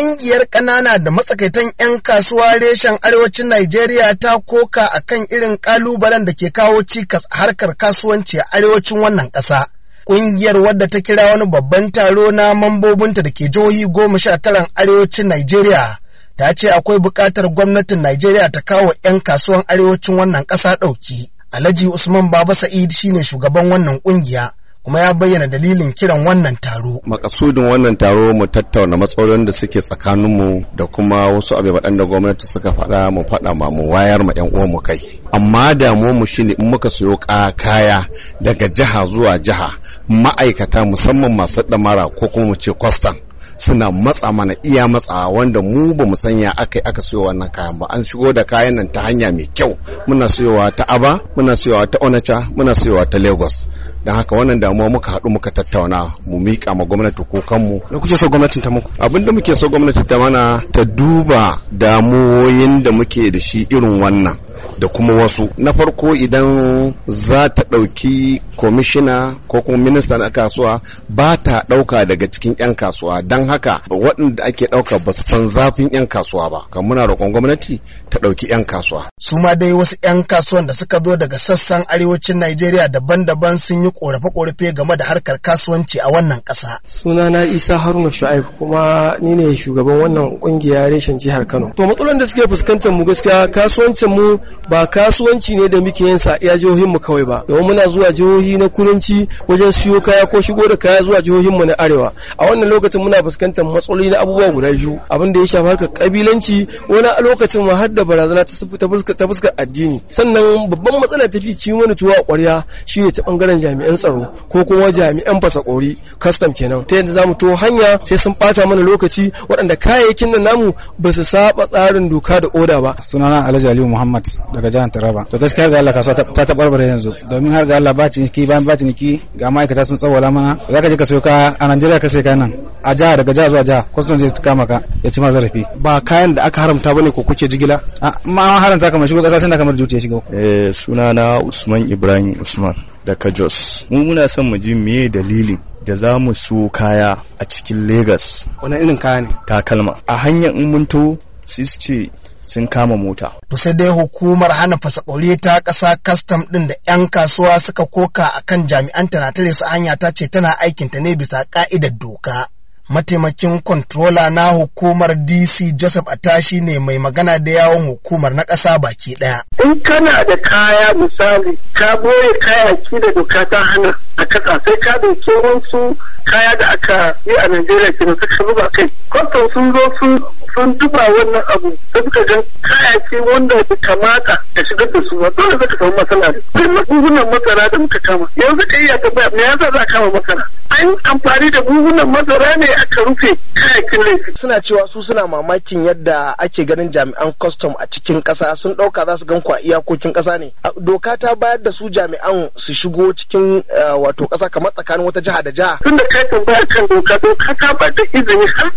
Ƙungiyar ƙanana da matsakaitan 'yan kasuwa reshen arewacin Najeriya ta koka a kan irin ƙalubalen da ke kawo cikas a harkar kasuwanci a arewacin wannan ƙasa. Ƙungiyar wadda ta kira wani babban taro na mambobinta da ke jihohi goma sha taran arewacin Najeriya ta ce akwai buƙatar gwamnatin Najeriya ta kawo 'yan kasuwan arewacin wannan ƙasa ɗauki. Alhaji Usman Baba Sa'id shine shugaban wannan ƙungiya. kuma ya bayyana dalilin kiran wannan taro. Makasudin wannan taro mu tattauna matsalolin da suke tsakaninmu da kuma wasu abu da gwamnati suka faɗa mu faɗa ma mu wayar ma 'yan uwanmu kai. Amma da mu shine in muka siyo kaya daga jiha zuwa jiha ma'aikata musamman masu ɗamara ko kuma mu ce kwastan. suna matsa mana iya matsa wanda mu ba mu sanya aka yi aka siyo wannan kayan ba an shigo da kayan nan ta hanya mai kyau muna siyowa ta aba muna siyowa ta onacha muna siyowa ta lagos don haka wannan damuwa muka haɗu muka tattauna mu miƙa ma gwamnati ko kanmu. da kuke so gwamnatin ta muku abin da muke so gwamnati ta mana ta duba damuwoyin da muke da shi irin wannan da kuma wasu na farko idan za ta ɗauki komishina ko kuma minista na kasuwa ba ta ɗauka daga cikin 'yan kasuwa don haka waɗanda ake ɗauka ba su san zafin 'yan kasuwa ba kan muna roƙon gwamnati ta ɗauki 'yan kasuwa su ma dai wasu 'yan kasuwan da suka zo daga sassan arewacin najeriya daban-daban sun yi ƙorafe-ƙorafe game da harkar kasuwanci a wannan ƙasa sunana isa haruna shu'aib kuma ni ne shugaban wannan ƙungiya reshen jihar kano to matsalar da suke fuskantar mu gaskiya kasuwancin mu ba kasuwanci ne da muke yin sa iya mu kawai ba domin muna zuwa jihohi na kudanci wajen siyo kaya ko shigo da kaya zuwa jihohinmu na arewa a wannan lokacin muna fuskantar matsaloli na abubuwa guda biyu abin da ya shafa harkar kabilanci wani a lokacin ma har barazana ta fuskar addini sannan babban matsala ta fi ci mana tuwa kwarya shine ta bangaren jami'an tsaro ko kuma jami'an fasakori custom kenan ta yadda zamu to hanya sai sun bata mana lokaci waɗanda kayayyakin nan namu ba su saba tsarin doka da oda ba sunana Alhaji Aliyu Muhammad daga jihar Taraba to gaskiya ga Allah kasuwa ta barbare yanzu domin har ga Allah ba ciniki bayan ba ciniki ga ma'aikata sun tsawala mana zaka je ka sayo ka a Najeriya ka sai nan a jiha daga jiha zuwa jiha kwastom zai kama ka ya ci ma zarafi ba kayan da aka haramta bane ko kuke jigila ma an haramta kamar shigo kasa sai na kamar duty shigo eh suna na Usman Ibrahim Usman daga Jos mu muna son mu ji meye dalilin da za mu so kaya a cikin Legas. Wani irin kaya ne? Takalma. A hanyar in mun to sai sun kama mota. To sai dai hukumar hana fasaɓaure ta ƙasa kastam ɗin da 'yan kasuwa suka koka kan jami'an ta na tare su hanya ta ce tana aikinta ne bisa ƙa'idar doka. mataimakin kontrola na hukumar dc joseph atashi ne mai magana da yawon hukumar na ƙasa baki ɗaya. in kana da kaya misali ka boye kayaki da doka ta hana a kasa sai ka dauke wasu kaya da aka yi a najeriya kenan suka zuba kai kwantar sun zo sun sun duba wannan abu da suka ga kayaki wanda ya kamata ka shigar da su ba dole zaka samu masana ne kai magungunan masara da muka kama yanzu ka iya tambaya me yasa za kama masara an amfani da buhunan masara ne aka rufe kayakin laifi. Suna cewa su suna mamakin yadda ake ganin jami'an kwastam a cikin ƙasa sun ɗauka za su gan ku a iyakokin ƙasa ne. Doka ta bayar da su jami'an su shigo cikin eh, wato ƙasa kamar tsakanin wata jiha da jiha. Tun da ka tambaya kan doka doka ta bayar da izini har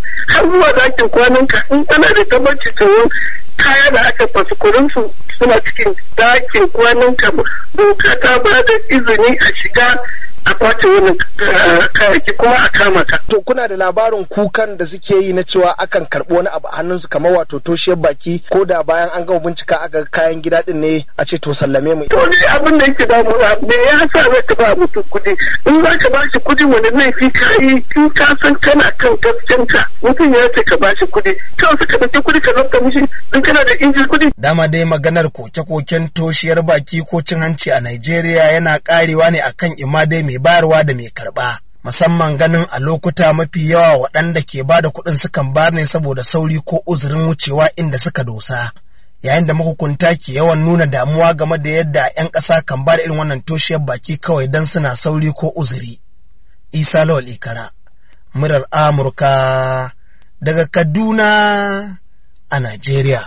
zuwa dakin kwanan ka in ana da tabbaci kaya da aka fasikurin su suna cikin dakin kwanan ka doka ta ba da izini a shiga a kwace wani eh, kayaki kuma a kama ka. To kuna da labarin kukan da suke yi na cewa akan karɓi wani abu hannunsu kamar wato toshiyar baki ko da bayan an gama bincika aka kayan gida din ne a ce to sallame mu. To ni abin da yake damu me ya sa za ka ba mutum kuɗi in za ka ba shi kuɗi wani laifi ka yi in ka san kana kan gaskiyanka mutum ya ce ka ba shi kuɗi kawai suka ɗauki kuɗi ka zanta mishi in kana da injin kuɗi. Dama dai maganar koke-koken toshiyar baki ko cin hanci a Najeriya yana karewa ne akan ima dai mai bayarwa da mai karɓa. musamman ganin a lokuta mafi yawa waɗanda ke ba da kuɗin sukan bar ne saboda sauri ko uzurin wucewa inda suka dosa yayin da mahukunta ke yawan nuna damuwa game da yadda 'yan ƙasa kan ba da irin wannan toshiyar baki kawai don suna sauri ko uzuri isa lawal ikara murar amurka daga kaduna a najeriya